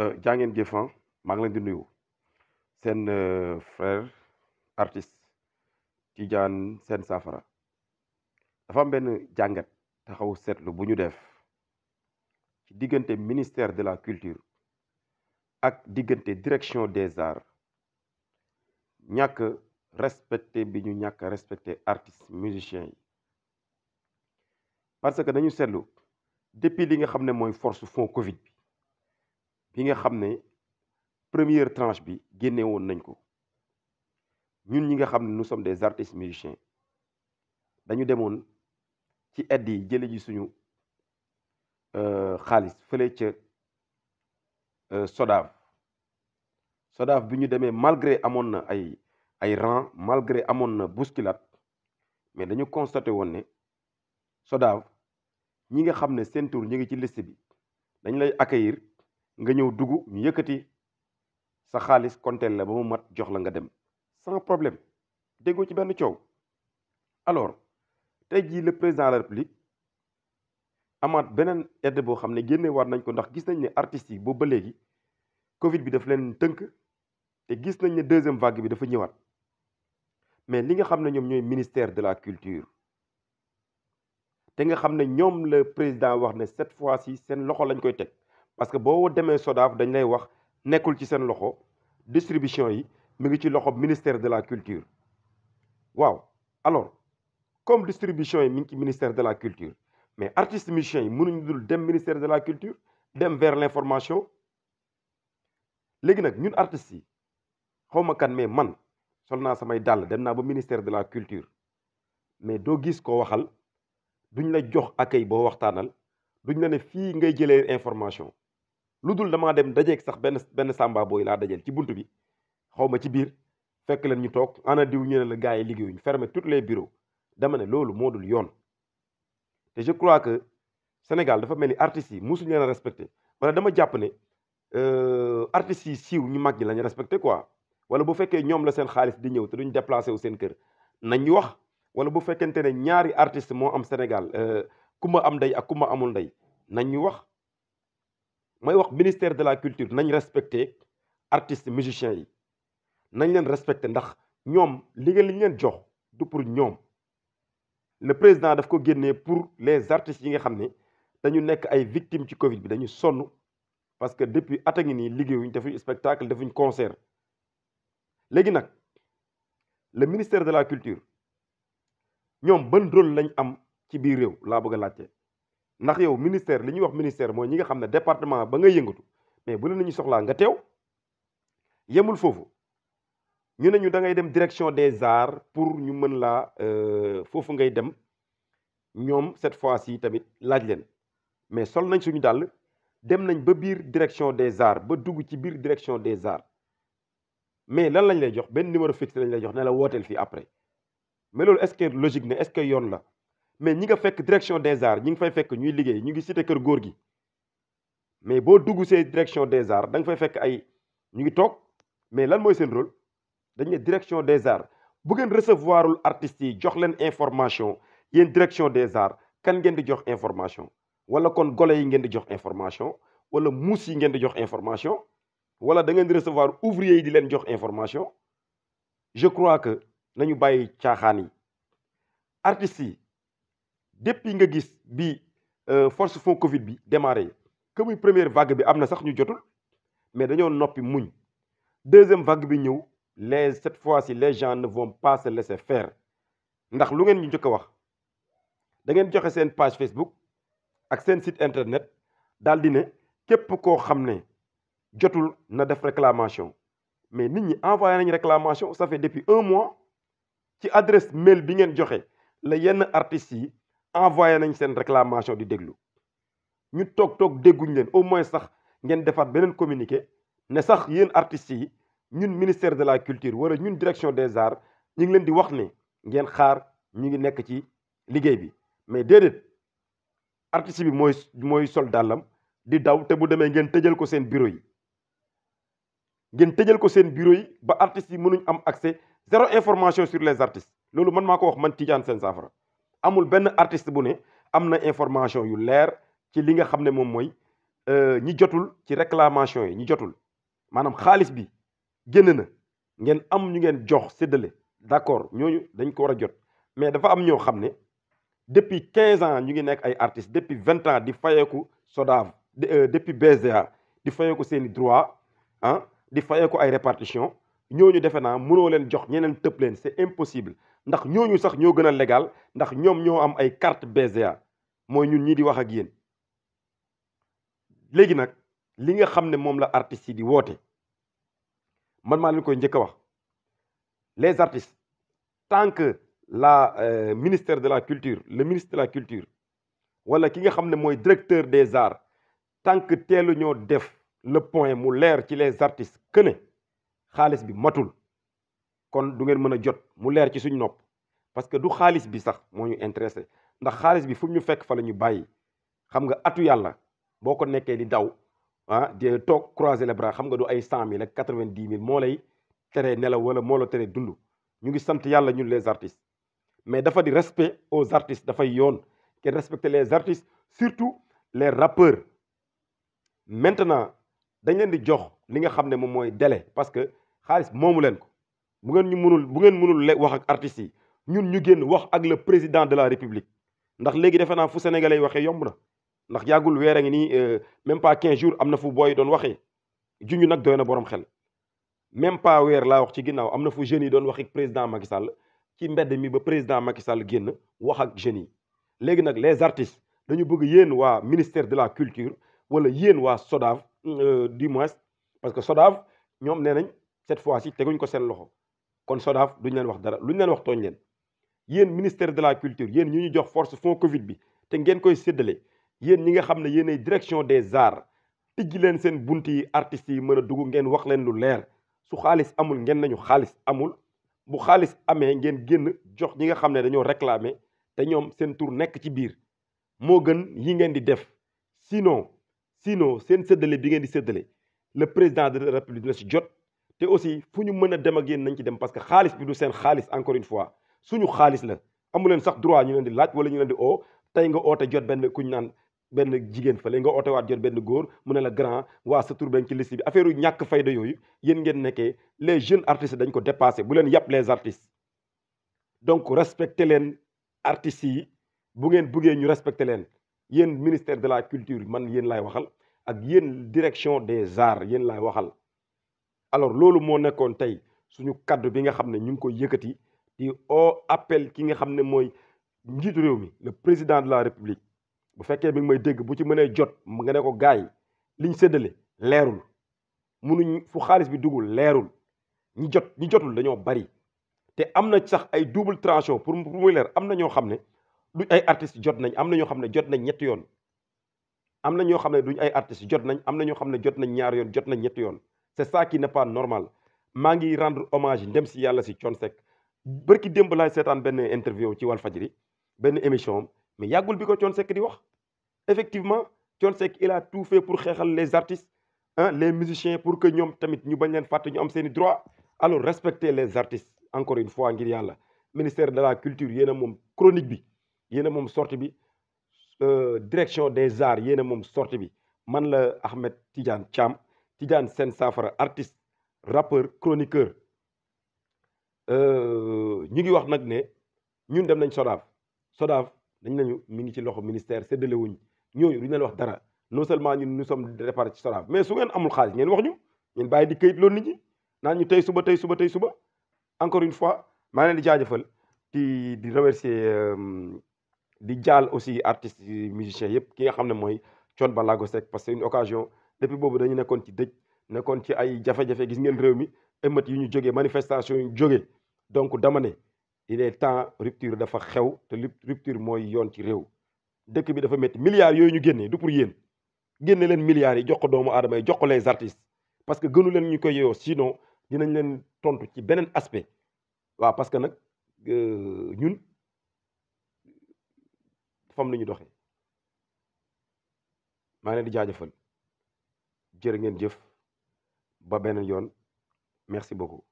Euh, jaa ngeen jëf ah. maa ngi leen di nuyu seen euh, frère artiste Tidiane seen Safara dafa am benn jàngat taxaw seetlu bu ñu def ci diggante ministère de la culture ak diggante direction des arts ñàkk respecté bi ñu ñàkk respecté artistes musiciens yi parce que dañu seetlu depuis li nga xam ne mooy force fond Covid bi nga xam ne première tranche bi génne woon nañ ko ñun ñi nga xam ne nous des artistes musiciens dañu demoon ci aide yi jële ji suñu euh, xaalis fële ca euh, SODAV SODAV bi ñu demee malgré amoon na ay ay rang malgré amoon na bousculade mais dañu constaté woon ne SODAV ñi nga xam ne seen tour ñu ngi ci liste bi dañ lay accueillir nga ñëw dugg ñu yëkkati sa xaalis konteel la ba mu mat jox la nga dem sans problème déggoo ci benn coow alors te jii le président de la république amaat beneen aide boo xam ne génne waat nañ ko ndax gis nañ ne artistes yi boobu ba léegi Covid bi daf leen tënk te gis nañ ne deuxième vague bi dafa ñëwaat mais li nga xam ne ñoom ñooy ministère de la culture te nga xam ne ñoom la président wax ne cette fois-ci seen loxo lañ koy teg. parce que boo demee SODAV dañ lay wax nekkul ci seen loxo distribution yi mi ngi ci loxo ministère de la culture waaw alors comme distribution yi mi ngi ci ministère de la culture mais artistes musiciens yi mënuñu dul dem ministère de la culture dem vers l'information léegi nag ñun artistes yi xawma kan mais man sol naa samay dàll dem naa ba ministère de la culture mais doo gis koo waxal duñ la jox accueil boo waxtaanal duñ la ne fii ngay jëlee information lu dul damaa dem dajeek sax benn benn sàmba booy laa dajeel ci bunt bi xaw ma ci biir fekk leen ñu toog ana diw ñu ne la gars yi liggéeyuñ fermer tous les bureaux dama ne loolu moo dul yoon te je crois que Sénégal dafa mel ni artistes yi musuñ leen a respecté wala dama jàpp ne euh, artistes yi siiw ñu mag ñi lañ respecté quoi wala bu fekkee ñoom la seen xaalis di ñëw te duñ déplacé wu seen kër nañ ñu wax wala bu fekkente ne ñaari artiste moo am Sénégal euh, ku ma am ndey ak ku amul ndey nañ wax mooy wax ministère de la culture nañ respecté artistes musiciens yi nañ leen respecté ndax ñoom liggéey li ñu leen jox du pour ñoom le président daf ko génnee pour les artistes yi nga xam ne dañu nekk ay victimes ci Covid bi dañu sonn parce que depuis at a ngi nii liggéeyuñ defuñ spectacle defuñ concert léegi nag le ministère de la culture ñoom ban rôle lañ am ci biir réew laa bëgg a laajte. ndax yow ministère li ñuy wax ministère mooy ñi nga xam ne département ba nga yëngatu mais bu la nañu soxlaa nga teew yemul foofu ñu ne ñu da ngay dem direction des arts pour ñu mën laa euh, foofu ngay dem ñoom cette fois ci tamit laaj leen mais sol nañ suñu dàll dem nañ ba biir direction des arts ba dugg ci biir direction des arts mais la lañ lay jox benn numéro fixe lañ lay jox ne la wooteel fii après mais loolu est-ce que logique ne est-ce que yoon la mais ñi nga fekk direction des arts ñi nga fay fekk ñuy liggéey ñu ngi cité kër góor gi mais boo dugg see direction des arts da nga fekk ay ñu ngi toog mais lan mooy seen rôle dañ ne direction des arts bu ngeen recevoirul artistes yi jox leen information yéen direction des arts kan ngeen di jox information wala kon gole yi ngeen di jox information wala muus yi ngeen di jox information wala da ngeen di recevoir ouvrier yi di leen jox information je crois que nañu bàyyi caaxaan yi artistes yi depuis nga gis bi euh, force fond Covid bi démarré que muy première vague bi am na sax ñu jotul mais dañoo noppi muñ deuxième vague bi ñëw les cette fois ci les gens ne vont pas se laisser faire ndax lu ngeen ñu njëkk a wax da ngeen joxe seen page Facebook ak seen site internet daal di ne képp koo xam ne jotul na def réclamation mais nit ñi envoyé nañ réclamation ça fait depuis un mois ci adresse mail bi ngeen joxe la yenn artistes yi. envoyé nañ seen réclamation di déglu ñu toog toog dégguñ leen au moins sax ngeen defaat beneen communiqué ne sax yéen artistes yi ñun ministère de la culture wala ñun direction des arts ñu ngi leen di wax ne ngeen xaar ñu ngi nekk ci liggéey bi mais déedéet artiste bi mooy mooy sol dàllam di daw te bu demee ngeen tëjal ko seen bureau yi ngeen tëjal ko seen bureau yi ba artistes yi mënuñ am accès zéro information sur les artistes loolu man maa ko wax man Tidiane Sène Saffara amul benn artiste bu ne am na information yu leer ci li nga xam ne moom mooy euh, ñi jotul ci réclamation yi ñi jotul maanaam xaalis bi génn na ngeen am ñu ngeen jox séddale d'accord ñooñu dañ ko war a jot mais dafa am ñoo xam ne depuis quinze ans ñu ngi nekk ay artistes depuis vingt ans di fayeeku SODAV euh, depuis BSDA di fayeeku seen i droit ah di fayeeku ay répartition ñooñu defe naa mënoo leen jox ñeneen tëb leen c'est impossible ndax ñooñu sax ñoo gën a légal ndax ñoom ñoo am ay carte BCA mooy ñun ñii di wax ak yéen léegi nag li nga xam ne moom la artistes yi di woote man maa leen koy njëkk a wax les artistes tant que la euh, ministère de la culture le ministre de la culture wala ki nga xam ne mooy directeur des arts tant que teelu ñoo def le point mu leer ci les artistes que xaalis bi matul kon du ngeen mën a jot mu leer ci suñ nopp parce que du xaalis bi sax moo ñu intéressé ndax xaalis bi fu ñu fekk fa la ñu bàyyi xam nga atu yàlla boo ko nekkee di daw ah di toog croiser les bras xam nga du ay cent mille ak quatre vingt dix mille moo lay teree nelaw wala moo la teree dundu ñu ngi sant yàlla ñun les artistes mais dafa di respect aux artistes dafay yoon kenn respecter les artistes surtout les rappeurs maintenant dañ leen di jox li nga xam ne moom mooy délai parce que xaalis moomu leen ko bu ngeen ñu mënul bu ngeen mënul wax ak artistes yi ñun ñu génn wax ak le président de la république ndax léegi defe fu sénégalais yi waxee yomb na ndax yàggul weer a ngi nii euh, même pas 15 jours am na fu booy doon waxee junj nag doy borom xel. même pas weer laa wax ci ginnaaw am na fu jeunes yi doon wax ak président Macky Sall ci mbedd mi ba président Macky Sall génn wax ak jeunes yi léegi nag les artistes dañu bëgg yéen waa ministère de la culture wala yéen waa SODAV euh, du moins parce que SODAV ñoom nee nañ cette fois ci teguñ ko seen loxo. kon SODAV duñ leen wax dara ñu leen wax tooñ leen yéen ministère de la culture yéen ñu ñu jox force fond Covid bi te ngeen koy séddale yéen ñi nga xam ne yéen ay direction des arts tijji leen seen bunt yi artistes yi mën a dugg ngeen wax leen lu leer su xaalis amul ngeen nañu xaalis amul bu xaalis amee ngeen génn jox ñi nga xam ne dañoo réclamer te ñoom seen tur nekk ci biir moo gën yi ngeen di def sinon sinon seen seddale bi ngeen di séddale le de la république dina si jot. te aussi fu ñu mën a dem ak yéen nañ ci dem parce que xaalis bi du seen xaalis encore une fois suñu xaalis la amuleen sax droit ñu leen di laaj wala ñu leen oo tey nga oote jot benn kuñ naan benn jigéen fa fële nga oote waat jot benn góor mu ne la grand waa sa tur benn ci liste bi affaire yu ñàkk fayda yooyu yéen ngeen nekkee les jeune artist dañ ko dépassé bu leen yàpp les artistes donc respecté leen artistes yi bu ngeen buggee ñu respecté leen yéen ministère de la culture man yéen laay waxal ak yéen direction des arts yéen laay waxal alors loolu moo nekkoon tey suñu kaddu bi nga xam ne ñu ngi koy yëkkati di au appel ki nga xam ne mooy njiitu réew mi le président de la république bu fekkee mi ngi may dégg bu ci mënee jot nga ne ko gars yi liñ séddale leerul munuñ fu xaalis bi dugul leerul ñi jot ñi jotul dañoo bari te am na sax ay double tranchant pour muy leer am na ñoo xam ne duñ ay artistes jot nañ am na ñoo xam ne jot nañ ñetti yoon am na ñoo xam ne duñ ay artistes jot nañ am na ñoo xam ne jot nañ ñaari yoon jot nañ ñetti yoon c'est ça qui n'est pas normal maa ngi rendre hommage ndem si yàlla si Thione Seck bërki démb laay seetaan benn interview ci Walfadjri benn émission mais yàggul bi ko Thione Seck di wax effectivement Thione Seck il tout fait pour xeexal les artistes ah les musiciens pour que ñoom tamit ñu bañ leen fàtte ñu am seeni droit alors respecter les artistes encore une fois ngi yàlla ministère de la culture yéen moom chronique bi yéen a moom sortie bi euh, direction des arts yéen a moom sortie bi man la Ahmed Tidiane Thiam Tidiane seen Saafara artiste rappeur chroniqueur euh, ñu ngi wax nag ne ñun dem nañ Sodav Sodav dañ nañu mi ngi ci loxo ministère séddale wuñ ñooñu duñ leen wax dara non seulement ñun nous sommes déparés ci Sodav mais su ngeen amul xaalis ngeen wax ñu ngeen bàyyi di këyit loolu nit ñi naan ñu tey suba tey suba tey suba encore une fois maa leen di jaajëfal di di remercier euh, di jaal aussi artistes musiciens yëpp ki nga xam ne mooy Thione Ballago Seck parce que c'est une occasion depuis boobu dañu nekkoon ci dëj nekkoon ci ay jafe-jafe gis ngeen réew mi émeutes yu ñu jógee manifestation yu ñu jóge donc damane ne il est temps rupture dafa xew te rupture mooy yoon ci réew dëkk bi dafa métti milliards yooyu ñu génnee du pour yéen génne leen milliards yi jox ko doomu aadama yi jox ko les parce que gënu leen ñu koy yoyoo sinon dinañ leen tontu ci beneen aspect waa parce que nag euh, ñun fam lu ñu doxee maa ngi leen di jaajëfal jërë ngeen jëf ba beneen yoon merci beaucoup